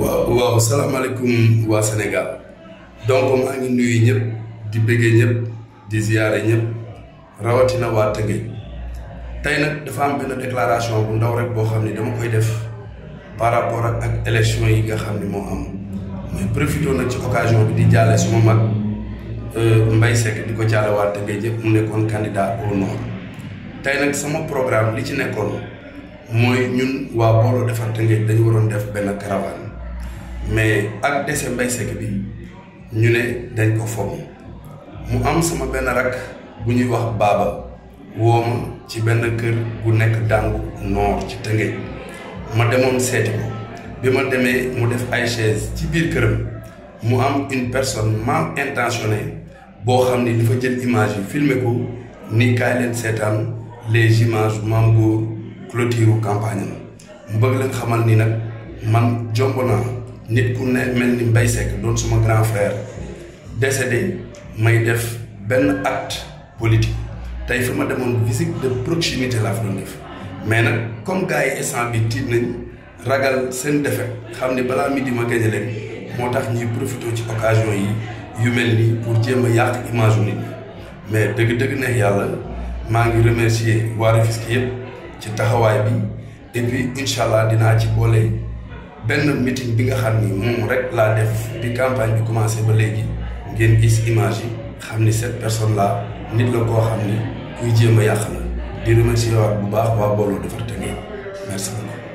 waaw waaw salaamaaleykum waa Sénégal donc maa ngi nuyu ñëpp di bëggee ñëpp di ziyaare ñëpp rawatina waa Tëngéej tey nag dafa am benn déclaration bu ndaw rek boo xam ne dama koy def par rapport ak élection yi nga xam ne moo am mais profité nag ci occasion bi di jaale suma mag euh, Mbaye Seck di ko jaale waa Tëngéej ñëpp mu nekkoon candidat au nord tey nag sama programme li ci nekkoon mooy ñun waa booloo defar Tëngéej dañu waroon def benn caravane mais ak dese mbay sekk bi ñu ne dañ ko fomm mu am sama benn rak bu ñuy wax baaba woo ma ci benn kër gu nekk dàngu noor ci Tëngéej ma demoon seeti ko bi ma demee mu def ay chaise ci biir këram mu am une personne mal intentionnée boo xam ni dafa jël image yi filmer ko ni kaay leen seetaan les images Mame Goor clôture campagne mu bëgg leen xamal ni nag man jomb naa nit ku ne mel ni Mbaye Seck doon suma grand frère décédé may def benn acte politique tey fi ma demoon visite de proximité laa fa doon def mais nag comme gars yi instant bi tiit nañ ragal seen defet xam ni balaa midi ma gañe leen moo tax ñuy profité ci occasion yi yu mel nii pour jéem a yàq image nit mais dëgg-dëgg neex yàlla maa ngi remercier waa Rufisque yëpp ci taxawaay bi et puis incha allah dinaa ci boole. benn meeting bi nga xam ni moom rek laa def bi campagne bi commencé ba léegi ngeen gis image yi xam ni cette personne là nit la koo xam ni kuy jéem a yàq la di remercier waat bu baax waa booloo defar te merci beaucoup